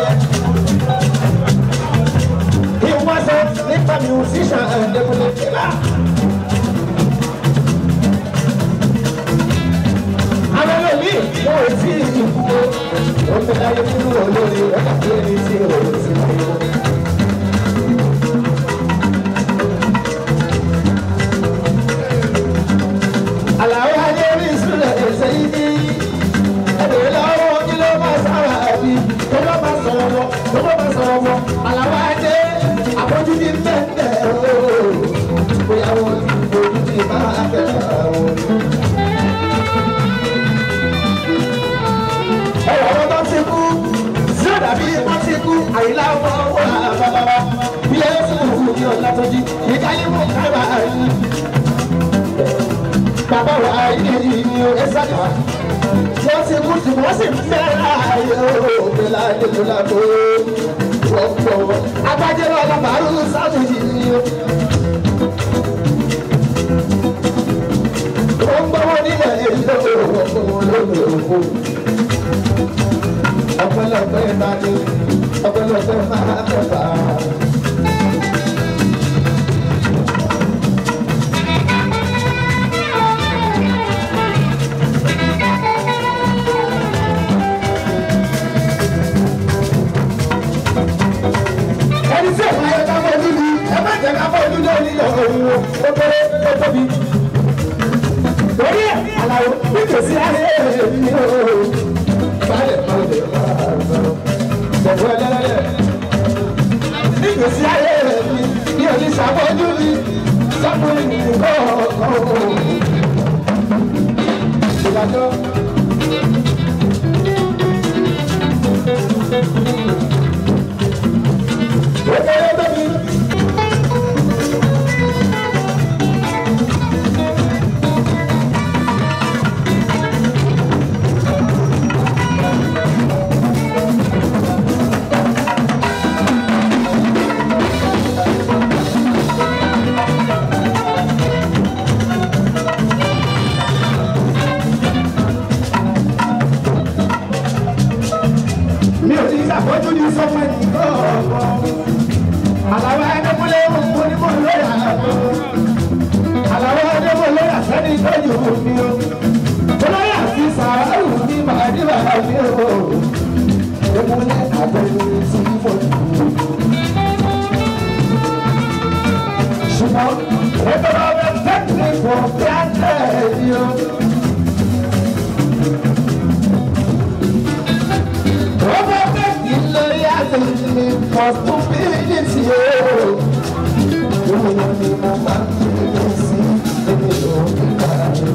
He was a slipper musician and a killer. Àwọn olómi wọ́n ti ìkú o, ó fẹ́ láyé nínú olórí, wọ́n kà pé ní sí òun sí ìwọ. táyéwò bàbá àyè bàbá wa àyè ni ó sàkà wọ́n ti kú tí wọ́n sì fẹ́ ààyè òwe ládéjọ́ làbó wọ́pọ̀ agbájẹ́ lọ́la màálù sáfìdì ni ó. wọ́n gbọ́wọ́ nílẹ̀ èyí lọ́wọ́ wọ́pọ̀ lónìí òkú. ìdájọ́. tún ní sọ fún ẹnì kọ́ ọ̀pọ̀. Àlàó Adébólé òkú ni mo lóyè àlàbò. Àlàó Adébólé àsẹ́ni lóyè òmí o. Olóyè àti sàárù ní màdìbà mi o. Èmúlẹ̀ àbẹ̀wò ti fọ́ ìlú. responsibility o. Ìwé ni mo máa ń bèrè sí èmi ò ní ká jù.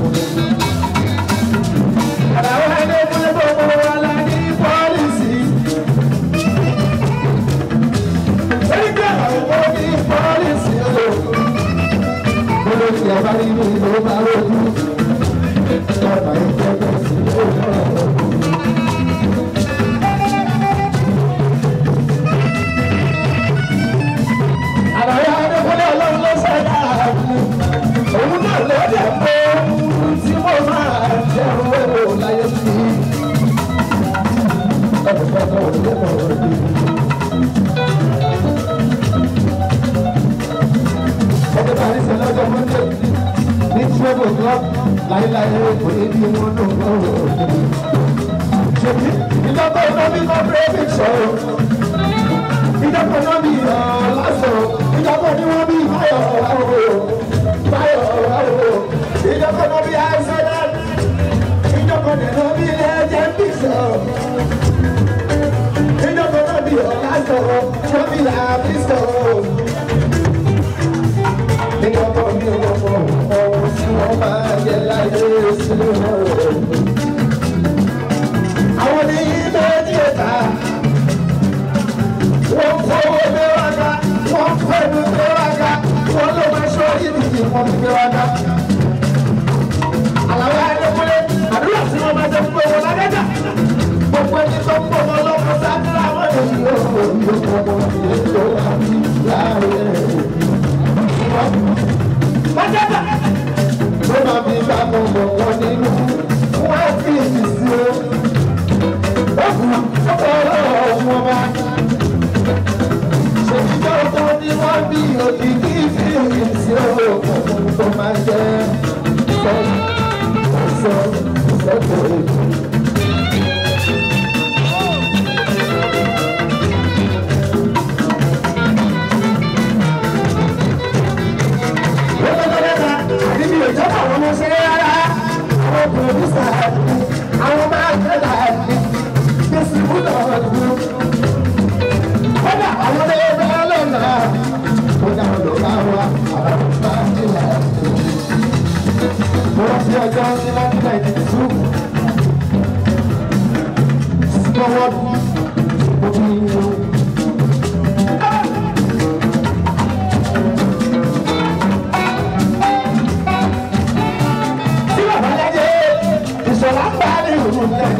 Àwọn ẹgbẹ́ fún gbogbo wa la ní pọ́lísì. Ẹgbẹ́ àwọn láíláí kò ní bí wọn lò ó. ṣèbí ìjọba ìnáwó iná bírèkì sọ̀rọ̀ ìjọba ìnáwó ìyá lásán ìjọba oníwọ́n bí báyọ̀ wá o báyọ̀ wá o ìjọba ìnáwó ìyá ẹsẹ̀ náà.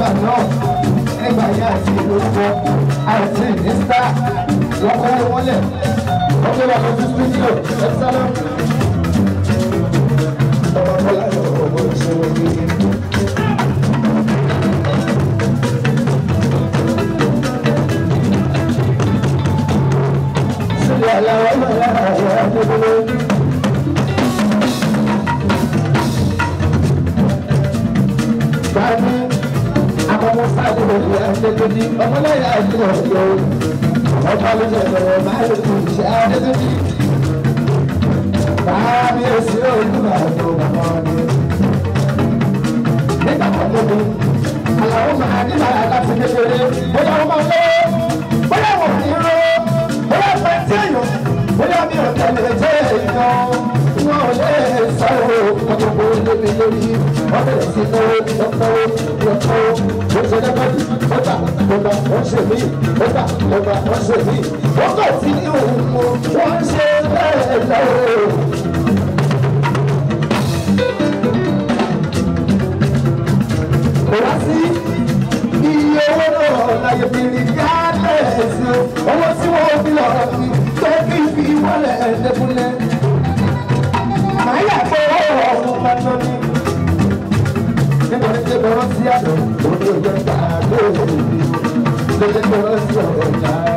nígbà náà nígbà yẹn àti olùkọ́ àti mínísítà lọ́kọ́lé wọlé studio ẹ̀sán náà. ọmọ ọmọ sáré òní adédọ́dí ọmọláyà àti ọ̀yọ́ ọba ló jẹ lọ́wọ́ máa lè kú ṣe adédọ́dí. Báàmì èsì òògùn àti òbàmọ́ ni. Nígbà kan tó dé, àlàó máa nílò àdáṣe kékeré. lórí wọ́n bẹ̀rẹ̀ sí náwó lọ́pọ̀wó lọ́pọ̀wó ó ṣe lẹ́gbẹ̀dì ọgbà ọgbà wọ́n ṣe mí ọgbà ọgbà wọ́n ṣe mí wọ́n kàn sí ní òun mọ́ wọ́n ṣe bẹ́ẹ̀ lọ́wọ́. wá sí iye owó náà láyé bìrì gálẹ̀ sí owó tí wọ́n fi lọ́ọ́ fi tó kí fi wọlé ẹ̀ẹ́dẹ́gbẹ́lẹ́. sí àdó òde òjò tààdó òde òde lójó tó rọ sí ọ̀rọ̀ náà.